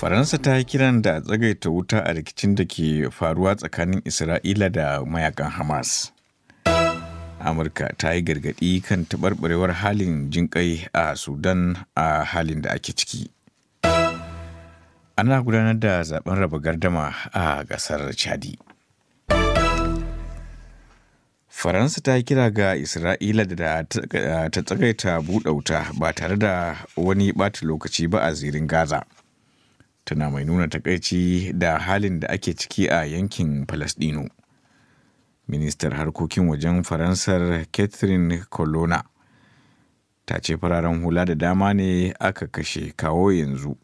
Faransa ta yi kiran da tsagaita wuta a rikicin da ke faruwa tsakanin Isra'ila da mayakan Hamas. Amurka ta yi gargaɗi kan taɓarɓarewar halin jinƙai a Sudan a halin da ake ciki. Ana gudanar da zaben raba gardama a ƙasar Chadi. Faransa ta yi kira ga Isra'ila da ta tsagaita buɗe wuta ba tare da wani ɓata lokaci ba a zirin Gaza. tana mai nuna takaici da halin da ake ciki a yankin Falasɗinu. Ministar harkokin wajen Faransar Catherine Colonna ta ce fararen hula da dama ne aka kashe kawo yanzu.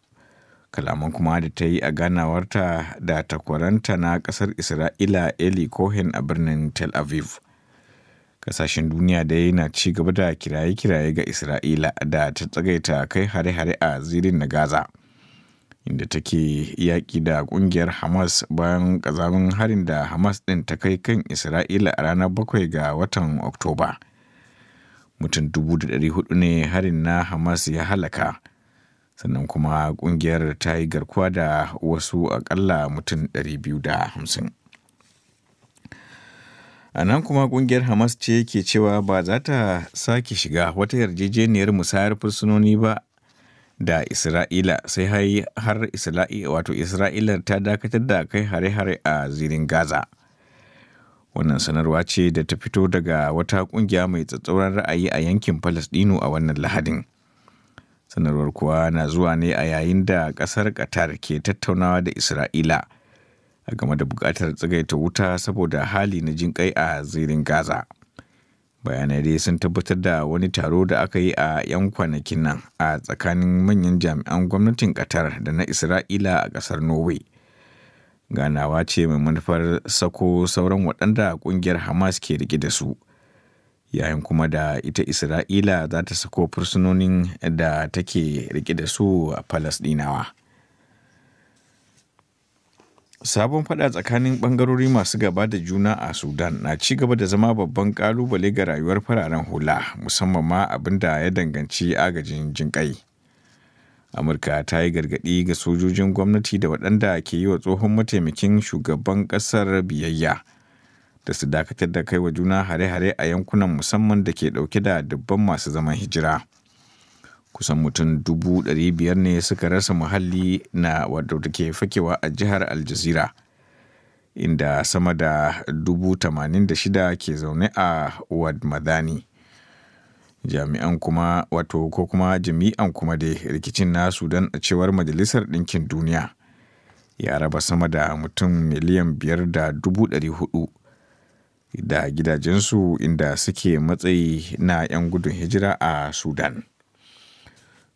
Kalaman kuma da ta yi a ganawarta da takwaranta na ƙasar Isra'ila Eli Cohen a birnin Tel Aviv. kasashen duniya dai na ci gaba da kiraye-kiraye ga isra'ila da ta tsagaita kai hare-hare a zirin na gaza inda take yaƙi da ƙungiyar Hamas bayan ƙazamin harin da Hamas ɗin ta kai kan Isra'ila a ranar bakwai ga watan Oktoba. Mutum dubu da ɗari hudu ne harin na Hamas ya halaka, sannan kuma ƙungiyar ta yi garkuwa da wasu aƙalla mutum ɗari biyu da hamsin. A nan kuma ƙungiyar Hamas ce ke cewa ba za ta sake shiga wata yarjejeniyar musayar fursunoni ba da Isra'ila sai har Isra'ila wato Isra'ila ta dakatar da kai hare-hare a zirin Gaza. Wannan sanarwa ce da ta fito daga wata kungiya mai tsatsauran ra'ayi a yankin Falasɗinu a wannan Lahadin. Sanarwar kuwa na zuwa ne a yayin da ƙasar Qatar ke tattaunawa da Isra'ila a game da buƙatar tsagaita wuta saboda hali na jinƙai a zirin Gaza. bayanai dai sun tabbatar da wani taro da aka yi a 'yan kwanakin nan a tsakanin manyan jami'an gwamnatin qatar da na isra'ila a kasar norway ganawa ce mai manufar sako sauran waɗanda ƙungiyar hamas ke rike da su yayin kuma da ita isra'ila za ta sako fursunonin da take rike da su a falasɗinawa. sabon fada tsakanin bangarori masu gaba da juna a sudan na ci gaba da zama babban kalubale ga rayuwar fararen hula musamman ma abin da ya danganci agajin jinƙai amurka ta yi gargadi ga sojojin gwamnati da waɗanda ke yi wa tsohon mataimakin shugaban ƙasar biyayya da su dakatar da kai wa juna hare-hare a yankunan musamman da ke ɗauke da dubban masu zaman hijira. kusan mutum dubu ɗari biyar ne suka rasa muhalli na wadda take fakewa a jihar aljazira inda sama da dubu tamanin da shida ke zaune a wad madani jami'an kuma wato ko kuma jami'an kuma da rikicin nasu sudan a cewar majalisar ɗinkin duniya ya raba sama da mutum miliyan biyar da dubu ɗari hudu da gidajensu inda suke matsayi na 'yan gudun hijira a sudan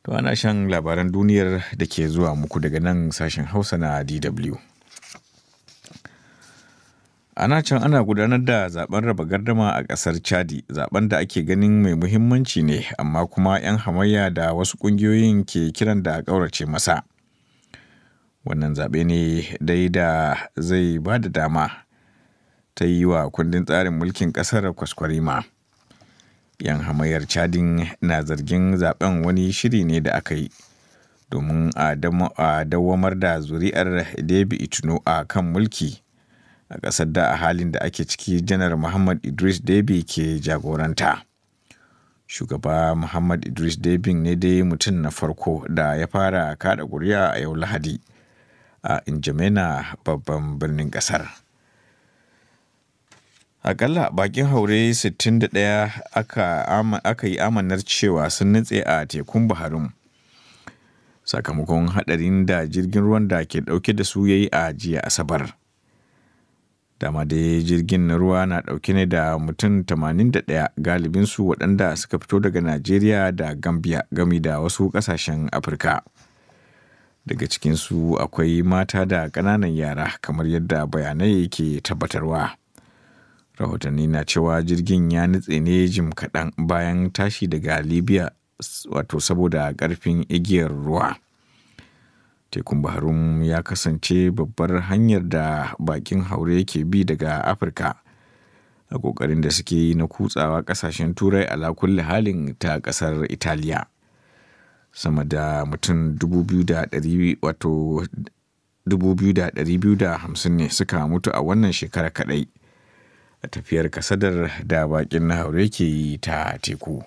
To ana shan labaran duniyar da ke zuwa muku daga nan sashen Hausa na DW. Ana can ana gudanar da zaben raba gardama a ƙasar Chadi, zaben da ake ganin mai muhimmanci ne amma kuma 'yan hamayya da wasu ƙungiyoyin ke kiran da ƙaurace masa. Wannan zaɓe ne dai da zai ba da dama ta yi wa kundin tsarin mulkin ƙasar kwaskwarima. 'yan hamayar chadin na zargin zaben wani shiri ne da aka yi domin a dawamar da zuri'ar debi ituno a kan mulki a ƙasar da a halin da ake ciki janar muhammad idris debi ke jagoranta shugaba muhammad idris debi ne dai mutum na farko da ya fara kada ƙuri'a a yau lahadi a injamena babban birnin ƙasar. Akalla bakin haure 61 aka yi amanar cewa sun nutse a tekun baharin Sakamakon hadarin da jirgin ruwan da ke ɗauke da su yayi a jiya Asabar. Dama dai jirgin na ruwa na ɗauke ne da mutum 81 galibinsu waɗanda suka fito daga Najeriya da Gambia gami da wasu ƙasashen Afirka. Daga cikinsu akwai mata da ƙananan yara kamar yadda bayanai ke tabbatarwa. rahotanni na cewa jirgin ya nutse ne jim kaɗan bayan tashi daga libya wato saboda ƙarfin igiyar ruwa tekun baharum ya kasance babbar hanyar da bakin haure ke bi daga afirka a ƙoƙarin da suke yi na kutsawa ƙasashen turai a lakulli halin ta ƙasar italiya sama da mutum 2,250 ne suka mutu a wannan shekara kaɗai tafiyar kasadar da bakin na haure ke yi ta teku.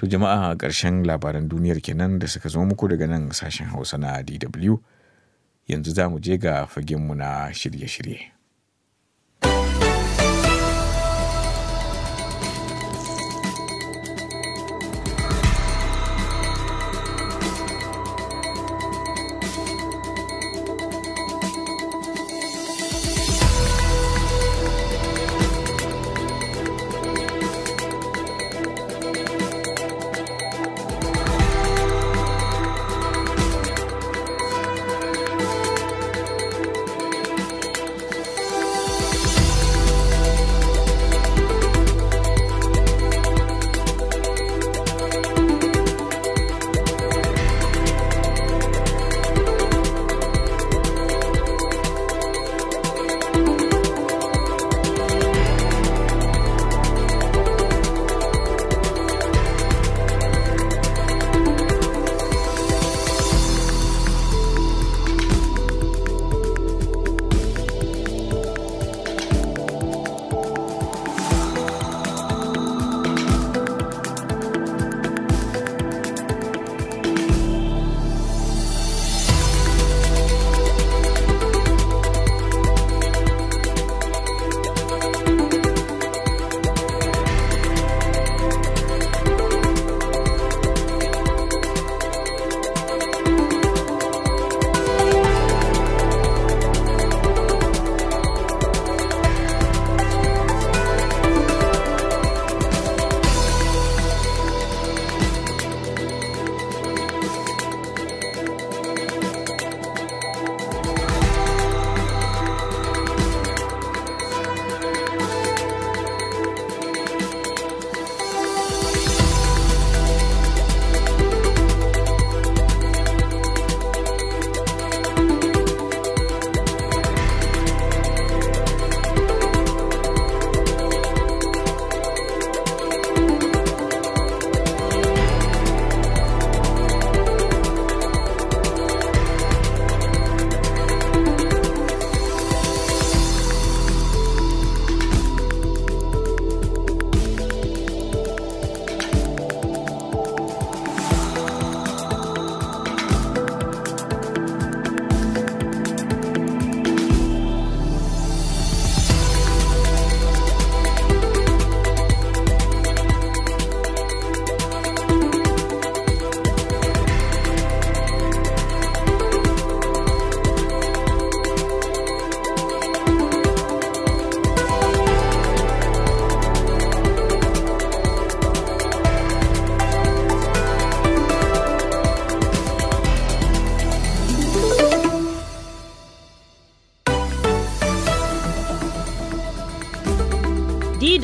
To jama'a ƙarshen labaran duniyar kenan da suka zo muku daga nan sashen Hausa na DW yanzu za mu je ga fagenmu na shirye-shirye.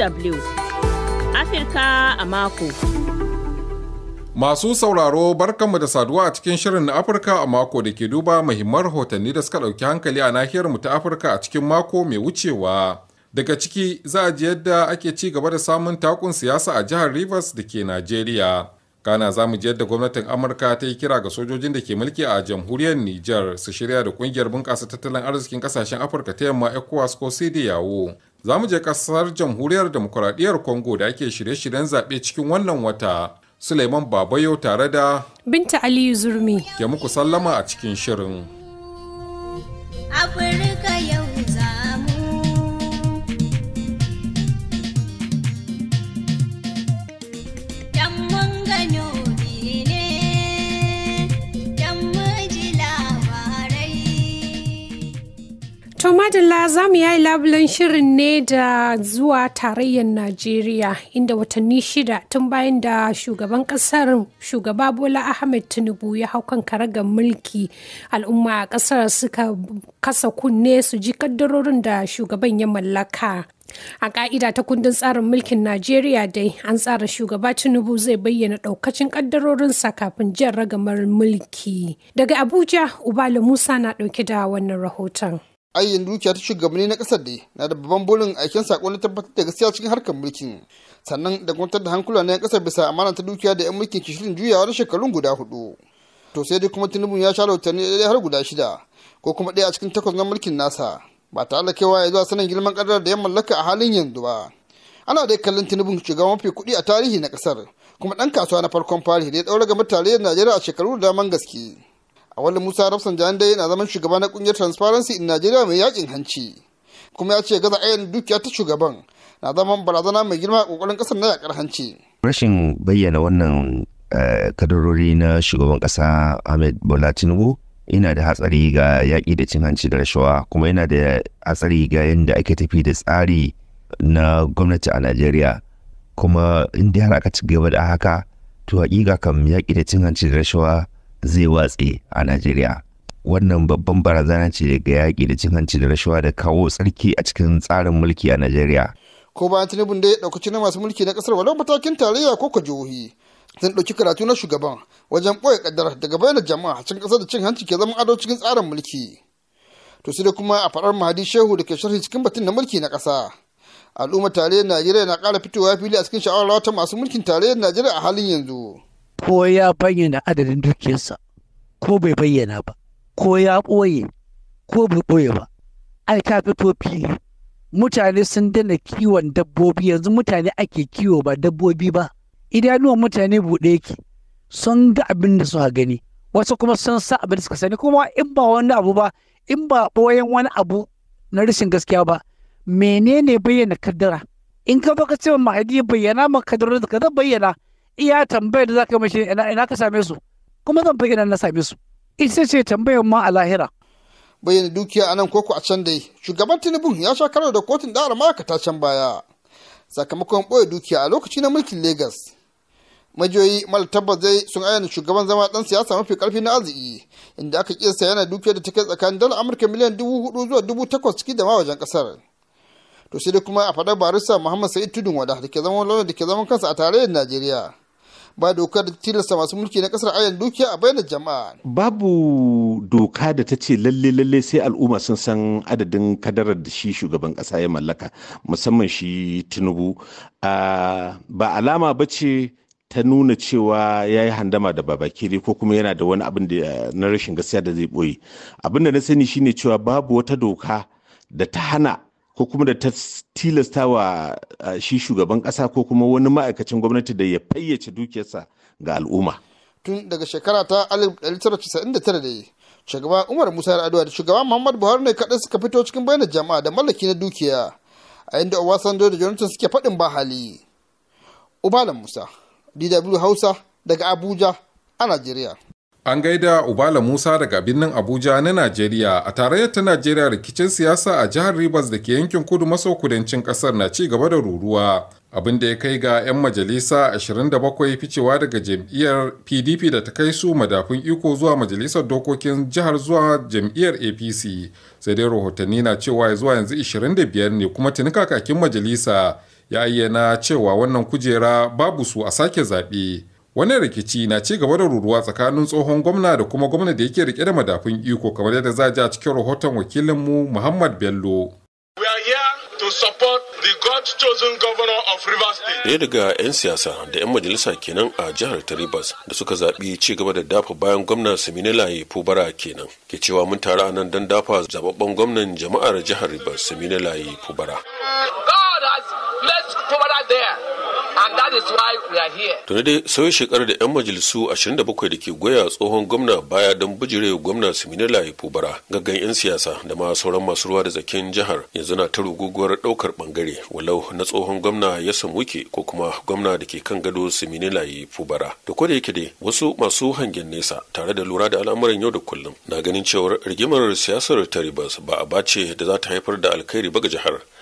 DW Afirka a mako. Masu sauraro barkanmu da saduwa a cikin shirin na Afirka a mako da ke duba muhimman rahotanni da suka ɗauki hankali a mu ta Afirka a cikin mako mai wucewa. Daga ciki za a ji yadda ake ci gaba da samun takun siyasa a jihar Rivers da ke Najeriya. Kana za mu ji yadda gwamnatin Amurka ta yi kira ga sojojin da ke mulki a jamhuriyar Nijar su shirya da kungiyar bunƙasa tattalin arzikin ƙasashen Afirka ta yamma ECOWAS ko yawo Za mu je ƙasar jamhuriyar demokuraɗiyar Congo da ake shirye-shiryen zaɓe cikin wannan wata. Suleiman Babayo tare da Binta Aliyu Zurmi. Ke muku sallama a cikin shirin. Afirin. To Madalla za mu yayi labulen shirin ne da zuwa tarayyar Najeriya inda watanni shida tun bayan da shugaban kasar shugaba Bola Ahmed Tinubu ya hau kan karagar mulki al'umma a kasar suka kasa kunne su ji kaddarorin da shugaban ya mallaka. A ka'ida ta kundin tsarin mulkin Najeriya dai an tsara shugaba Tinubu zai bayyana daukacin kaddarorinsa kafin jan ragamar mulki. Daga Abuja, Ubala Musa na dauke da wannan rahoton. ayyin dukiya ta shugabanni na kasar da na da babban burin aikin sako na tabbatar da gaskiya cikin harkar mulkin sannan da kwantar da hankula na 'yan kasar bisa amana ta dukiya da 'yan mulkin ke juyawa na shekarun guda hudu to sai dai kuma tinubu ya sha rahotanni ɗaya har guda shida ko kuma ɗaya a cikin takwas na mulkin nasa ba tare da kaiwa ya zuwa sanin girman ƙadar da ya mallaka a halin yanzu ba ana dai kallon tinubu shugaban mafi kuɗi a tarihi na ƙasar kuma ɗan kasuwa na farkon fari da ya ɗaura ga mutane najeriya a shekaru da daman gaske a wani musa jan dai yana zaman shugaba na kungiyar transparency in najeriya mai yakin hanci kuma ya ce gaza ayyana dukiya ta shugaban na zaman barazana mai girma a kokarin kasar na yakar hanci rashin bayyana wannan eh, kadarori na shugaban kasa ahmed bola tinubu ina da hatsari ga yaƙi da cin hanci da rashawa kuma yana da hatsari ga yadda ake tafi da tsari na gwamnati a najeriya kuma inda har aka ci gaba da haka to haƙiƙa kam yaƙi da cin hanci da rashawa zai watse a Najeriya. Wannan babban barazana ce ga yaƙi da cin hanci da rashawa da kawo tsarki a cikin tsarin mulki a Najeriya. Ko bayan Tinubu da ya ɗaukaci na masu mulki na ƙasar walau matakin tarayya ko ka jihohi. Zan ɗauki karatu na shugaban wajen ɓoye ƙaddar daga bayanan jama'a cikin ƙasar da cin hanci ke zama ado cikin tsarin mulki. To sai kuma a faɗar Mahadi Shehu da ke sharhi cikin batun na mulki na ƙasa. al'ummar tarayyar najeriya na ƙara fitowa fili a cikin sha'awar ta masu mulkin tarayyar najeriya a halin yanzu ko ya bayyana adadin dukiyarsa ko bai bayyana ba ko ya ɓoye ko bai ɓoye ba ai ka fito fili mutane sun dana kiwon dabbobi yanzu mutane ake kiwo ba dabbobi ba idanuwan mutane buɗe yake sun ga abin da suka gani wasu kuma sun sa abin da suka sani kuma in ba wani abu ba in ba ɓoyen wani abu na rashin gaskiya ba menene bayyana kaddara in ka baka ce mahadi bayyana ma kaddara da ka bayyana iya tambayar da za ka mashi ina ina ka same su kuma zan fage na same su ita ce tambayar ma a lahira bayyana dukiya anan koko a can dai shugaban tinubu ya sha karo da kotun da'ar ma'aikata can baya sakamakon ɓoye dukiya a lokaci na mulkin Legas. majiyoyi mal tabbas zai sun ayyana shugaban zama dan siyasa mafi karfi na arziki inda aka kiyasta yana dukiyar da ta tsakanin dala amurka miliyan dubu hudu zuwa dubu takwas ciki da ma wajen kasar to sai dai kuma a faɗar barista muhammad sa'id tudun wada da ke zaman launin da ke zaman kansa a tarayyar najeriya ba dokar tilasta masu mulki na kasar ayan dukiya a bayanan jama'a babu doka da ta ce lalle lalle sai al'umma sun san adadin kadarar da shi shugaban kasa ya mallaka musamman shi tinubu ah, ba alama ba ce ta nuna cewa ya yi handama da babakiri ko kuma yana da wani abin da eh, na rashin gaskiya da zai boye abin da na sani shine cewa babu wata doka da ta hana ko kuma da ta tilasta wa shi shugaban kasa ko kuma wani ma'aikacin gwamnati da ya fayyace dukiyarsa ga al'umma. Tun daga shekara ta 1999 da shugaba Umar Musa Yar'adua da shugaba Muhammad Buhari ne kaɗai suka fito cikin bayanan jama'a da mallaki na dukiya a inda Obasanjo da Jonathan suke faɗin ba hali. Ubalan Musa, DW Hausa daga Abuja a Najeriya. An gaida Ubala Musa daga birnin Abuja na Najeriya a tarayyar ta Najeriya rikicin siyasa a jihar Rivers da ke yankin kudu maso kudancin kasar na ci gaba da ruruwa. Abin da ya kai ga 'yan majalisa 27 ficewa daga jam'iyyar PDP da ta kai su madafun iko zuwa majalisar dokokin jihar zuwa jam'iyyar APC. Sai dai rahotanni na cewa zuwa yanzu 25 ne kuma tuni kakakin majalisa ya ayyana cewa wannan kujera babu su a sake zaɓe. wannan rikici na ci gaba da ruruwa tsakanin tsohon gwamna da kuma gwamna da yake rike da madafin iko kamar yadda za a cikin rahoton wakilinmu muhammad bello to support the God chosen governor of Rivers State. Ɗaya daga 'yan siyasa da 'yan majalisa kenan a jihar taribas da suka zaɓi ci gaba da dafa bayan gwamna gwamnan Seminelaye Fubara kenan. Ke cewa mun tara nan don dafa zababben gwamnan jama'ar jihar Rivers Seminelaye Fubara. and tuni dai sauyi shekarar da yan majalisu 27 da ke goya tsohon gwamna baya don bijirewa gwamna layi fubara gaggan yan siyasa da ma sauran masu ruwa da zakin jihar yanzu na ta ruguguwar daukar bangare walau na tsohon gwamna ya samuke ko kuma gwamna da ke kan gado Siminala Ifubara da ko da yake dai wasu masu hangen nesa tare da lura da al'amuran yau da kullum na ganin cewar rigimar siyasar taribas ba a bace da za ta haifar da alkhairi ba ga jihar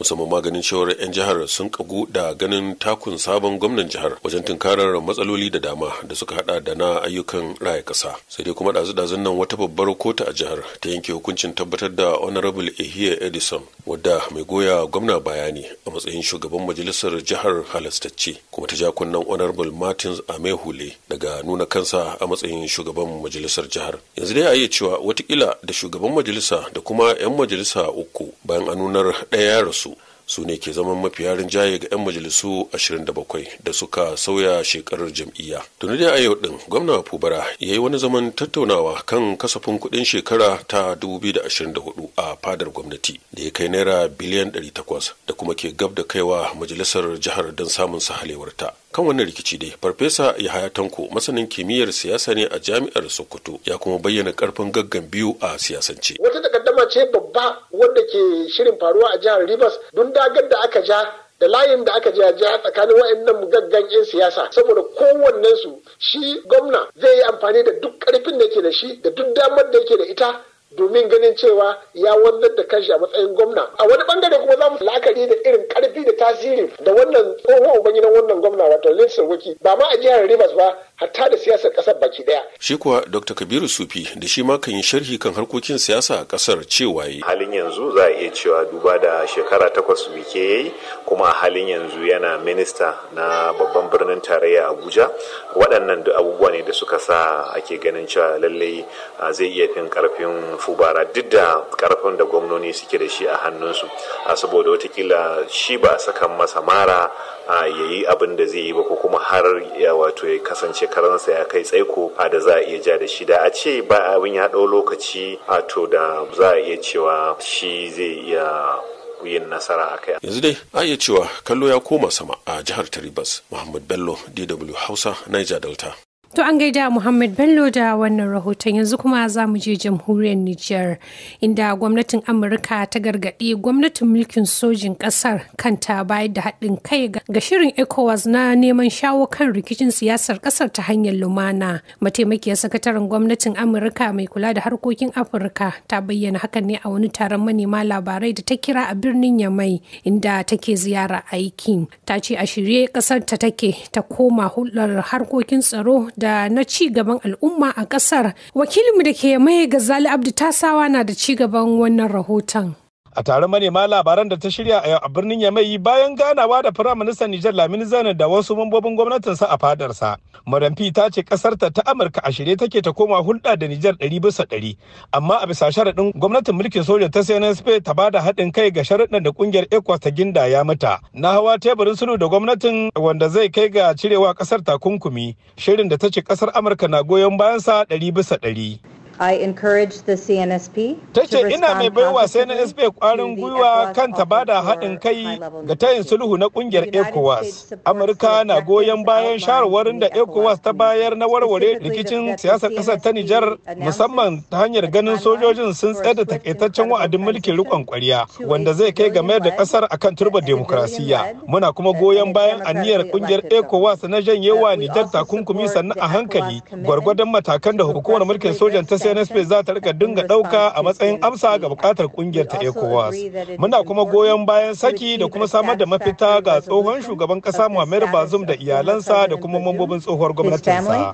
musamman maganin cewar 'yan jihar sun kagu da ganin takun sabon gwamnan jihar wajen tunkarar matsaloli da dama da suka hada da na ayyukan raya kasa sai dai kuma dazu-dazun nan wata babbar kota a jihar ta yanke hukuncin tabbatar da honorable ehiya edison wadda mai goya gwamna bayani a matsayin shugaban majalisar jihar halastacce kuma ta ja kunnan honorable martins amehule daga nuna kansa a matsayin shugaban majalisar jihar yanzu dai a iya cewa watakila da shugaban majalisa da kuma 'yan majalisa uku bayan anunar ɗaya rasu su ne ke zaman mafiya rinjaye ga 'yan majalisu 27 da suka sauya shekarar jam'iyya. Tuni da a yau din gwamna Fubara ya yi wani zaman tattaunawa kan kasafin kudin shekara ta 2024 a fadar gwamnati da ya kai naira biliyan 800 da kuma ke gab da kaiwa majalisar jihar don samun sahalewarta. kan wannan rikici dai farfesa yahaya tanko masanin kimiyyar siyasa ne a jami'ar sokoto ya kuma bayyana karfin gaggan biyu a siyasance wata takaddama ce babba wadda ke shirin faruwa a jihar rivers don dagar da aka ja da layin da aka jaja tsakanin wa'annan gaggan 'yan siyasa saboda kowannensu shi gwamna zai yi amfani da duk karfin da yake da shi da duk damar da yake da ita domin ganin cewa ya wannan da kanshi a matsayin gwamna a wani bangare kuma za mu la'akari da irin karfi da tasiri da wannan tsohon na wannan gwamna wato Lindsey Wiki ba ma a jihar Rivers ba hatta da siyasar kasar baki daya shi kuwa Dr Kabiru Sufi da shi ma kan yi sharhi kan harkokin siyasa a kasar cewa yi halin yanzu za a iya cewa duba da shekara takwas Wike yayi kuma a halin yanzu yana minista na babban birnin tarayya Abuja waɗannan duk abubuwa ne da suka sa ake ganin cewa lallai zai iya fin karfin bara duk da karfin da gwamnoni suke da shi a hannunsu saboda watakila shi ba a sakan masa mara a yayi abin da zai yi ba ko kuma har ya wato ya kasance karansa ya kai tsaiko da za a iya ja da shi da a ce ba abin ya ɗau lokaci a to da za a iya cewa shi zai iya yin nasara a kai. Yanzu dai a iya cewa kallo ya koma sama a jihar Taribas Muhammad Bello DW Hausa Niger Delta. To an gaida Muhammad Bello da wannan rahoton yanzu kuma za mu je jamhuriyar Nijar inda gwamnatin Amurka ta gargaɗi gwamnatin mulkin sojin ƙasar kanta bayar da haɗin kai ga shirin ECOWAS na neman shawo kan rikicin siyasar ƙasar ta hanyar lumana. Mataimakiyar sakataren gwamnatin Amurka mai kula da harkokin Afirka ta bayyana hakan ne a wani taron manema labarai da ta kira a birnin Yamai inda take ziyara aikin. Ta ce a shirye ƙasar ta take ta koma hulɗar harkokin tsaro da na ci gaban al'umma a ƙasar. Wakilinmu da ke mai Gazali Abdu Tasawa na da ci gaban wannan rahoton. a taron manema labaran da ta shirya a a birnin yamai bayan ganawa da firaministan nijar lamini zanen da wasu mambobin gwamnatinsa a fadarsa maramfi ta ce kasarta ta amurka a shirye take ta koma hulɗa da nijar ɗari bisa ɗari amma a bisa sharaɗin gwamnatin mulkin soja ta cnsp ta ba da haɗin kai ga sharaɗin da ƙungiyar ecowas ta ginda ya mata na hawa teburin sulu da gwamnatin wanda zai kai ga cirewa ƙasar takunkumi shirin da ta ce ƙasar amurka na goyon bayansa ɗari bisa ɗari I encourage the CNSP ta ce ina mai baiwa CNSP kwarin gwiwa kan ta bada haɗin kai ga tayin sulhu na ƙungiyar ECOWAS. Amurka na goyon bayan shawarwarin da ECOWAS ta bayar na warware rikicin siyasar ƙasar ta Nijar musamman ta hanyar ganin sojojin sun da takaitaccen wa'adin mulkin riƙon ƙwarya wanda zai kai ga mayar da ƙasar akan turbar demokrasiyya. Muna kuma goyon bayan aniyar ƙungiyar ECOWAS na janyewa Nijar takunkumi sannan a hankali gwargwadon matakan da hukumar mulkin sojan ta space za ta rika dinga ɗauka a matsayin amsa ga bukatar kungiyar ta ecowas muna kuma goyon bayan saki da kuma samar da mafita ga tsohon shugaban kasa muhammad Bazoum da iyalansa da kuma mambobin tsohuwar gwamnatinsa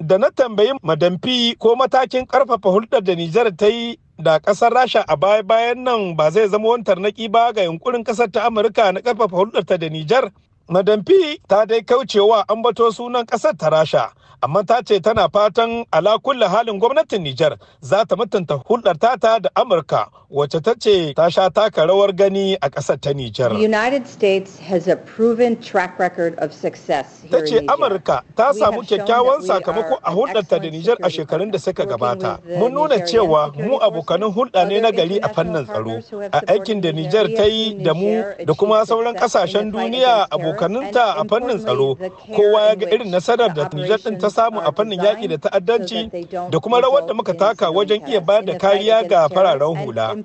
da na tambayi madamfi ko matakin karfafa hulɗar da nijar ta yi da ƙasar rasha a baya-bayan nan ba zai zama wani tarnaki ba ga yunkurin ƙasar ta amurka na karfafa ta da nijar madamfi ta dai kaucewa an bato sunan ƙasar ta rasha amma ta ce tana fatan ala kulla halin gwamnatin Nijar za ta mutunta hulɗar tata da Amurka wacce ta ce ta sha taka rawar gani a ƙasar ta Nijar. United States has a proven track record of success Ta ce Amurka ta samu kyakkyawan sakamako a hulɗarta da Nijar a shekarun da suka gabata. Mun nuna cewa mu abokanin hulɗa ne na gari a fannin tsaro. A aikin da Nijar ta yi da mu da kuma sauran ƙasashen duniya abokaninta a fannin tsaro kowa ya ga irin nasarar da Nijar ɗin ta samu a um, fannin yaƙi da ta'addanci da kuma rawar da muka taka wajen iya ba da kariya ga fararen hula.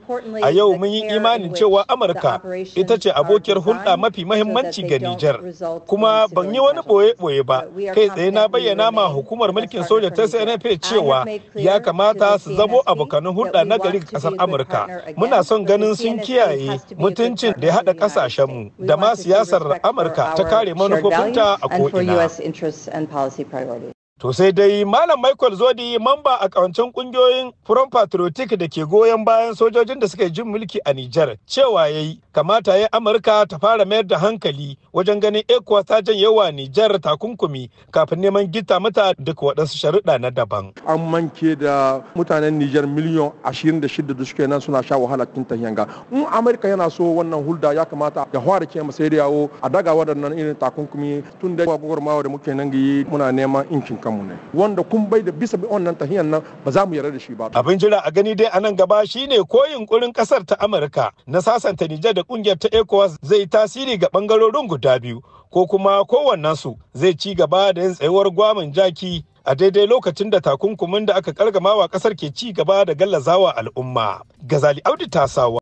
A yau mun yi imanin cewa Amurka ita ce abokiyar hulɗa mafi mahimmanci ga Nijar. Kuma ban yi wani ɓoye-ɓoye ba, kai tsaye na bayyana ma hukumar mulkin soja ta CNP cewa ya kamata su zamo abokanin hulɗa na gari ƙasar Amurka. Muna son ganin sun kiyaye mutuncin da ya haɗa ƙasashenmu da ma siyasar Amurka ta kare manufofinta a ko'ina. To sai dai Malam Michael Zodi mamba a kawancin kungiyoyin Front Patriotic da ke goyon bayan sojojin da suka yi jin mulki a Nijar cewa ya yi kamata ya Amurka ta fara mayar da hankali wajen ganin ekuwa ta jan yawa Nijar takunkumi kafin neman gita mata duk waɗansu sharuɗa na daban. An manke da mutanen Nijar miliyon ashirin da da suke nan suna sha wahala tun tahiyanga. In Amurka yana so wannan hulda ya kamata ya fara ce masai a daga waɗannan irin takunkumi tun da gwagwarmawa da muke nan muna neman inkin kanmu ne wanda kun bai da bisa wannan tahiyan nan ba za mu yarda da shi ba abin jira a gani dai a nan gaba shine ko yunkurin kasar ta Amurka na sasanta Nijar da kungiyar ta ECOWAS zai tasiri ga bangarorin guda biyu ko kuma su, zai ci gaba da yin tsayuwar gwamin jaki a daidai lokacin da takunkumin da aka kargamawa kasar ke ci gaba da gallazawa al'umma. Gazali Audu Tasawa.